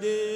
de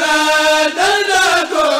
la da da ko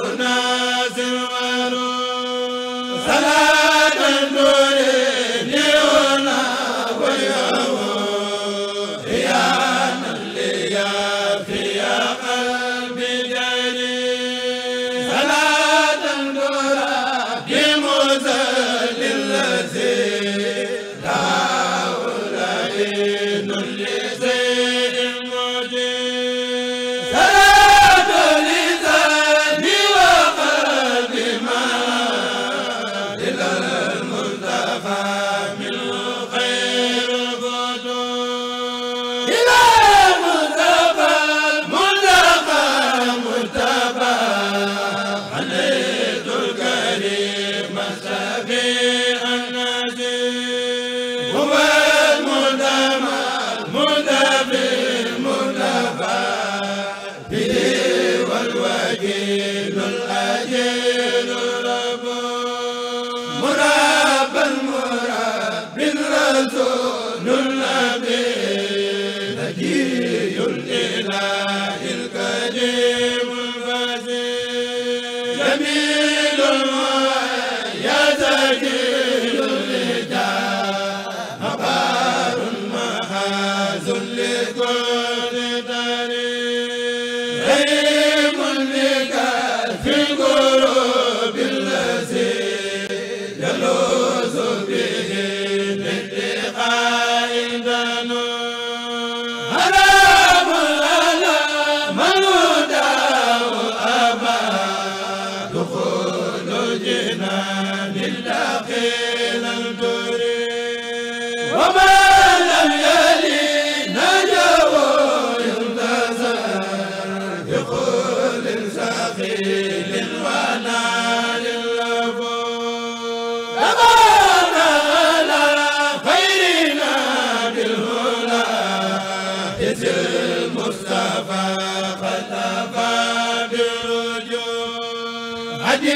bi Adi